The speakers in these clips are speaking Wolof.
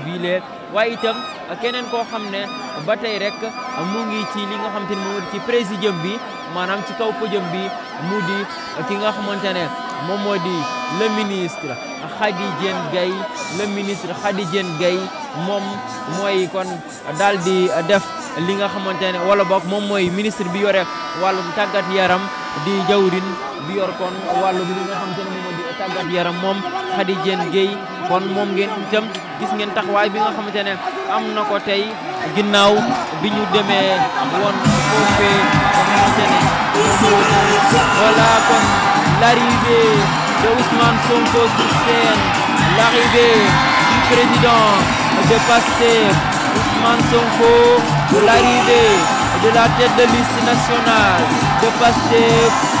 Villiers waaye itam keneen koo xam ne ba tey rek mu ngi ci li nga xam te ne moom ci présidium bi maanaam ci kaw podium bi mu di ki nga xamante ne moom moo di le ministre Khady Diène Gaye le ministre Khady Diène gay moom mooy kon dal di def li nga xamante ne wala boog moom mooy ministre bi yore wàllum tàggat yaram di jawrin bi yor kon wàllum li nga xamante tàggat yaram moom Khady Diène Gueye kon moom ngeen itam gis ngeen taxawaay bi nga xamante ne am na ko tey ginnaaw bi ñu demee woon foofee xamante ne voilà kon l'arrivée de Ousmane Sonko sur scène l'arrivée président de Pastef Ousmane Sonko l'arrivée de la tête de nationale de Pastef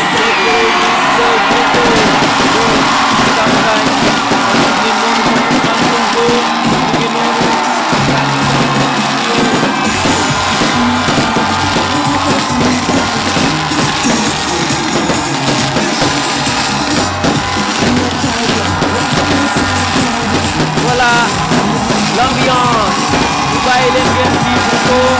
voilà l'ambiance. Vous voyez les petits photos.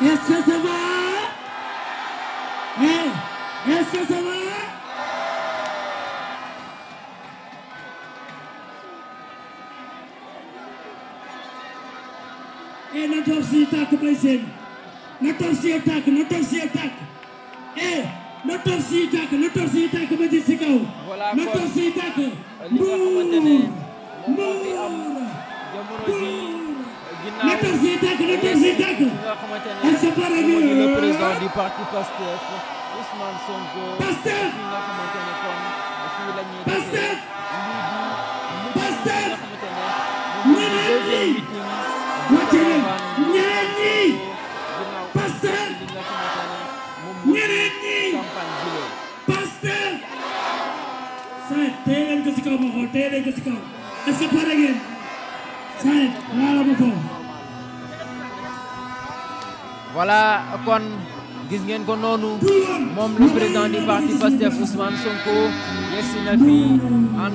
Est-ce que ça va hey, Est-ce que na torcida Ei, não torce ataque para cima. Não torce ataque, não torce ataque. Ei, não torce ataque, não torce ataque para desse carro. Não torce ataque. Mur! Mur! Mur! Nattar si tàkk nattar si tàkk. est-ce que pare nañu le président du parti PASTEF Ousmane Sonko. PASTEF fi ne kon fii la ñuy. PASTEF PASTEF. ñeneen ñi wàcc leen ñeneen ñi. PASTEF ñeneen ñi. PASTEF. saa tey leen ko si kaw ma xool tey leen voilà kon gis ngeen ko le président du parti Pasteur Ousmane Sonko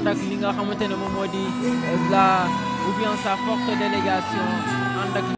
na fi li nga ou bien sa forte délégation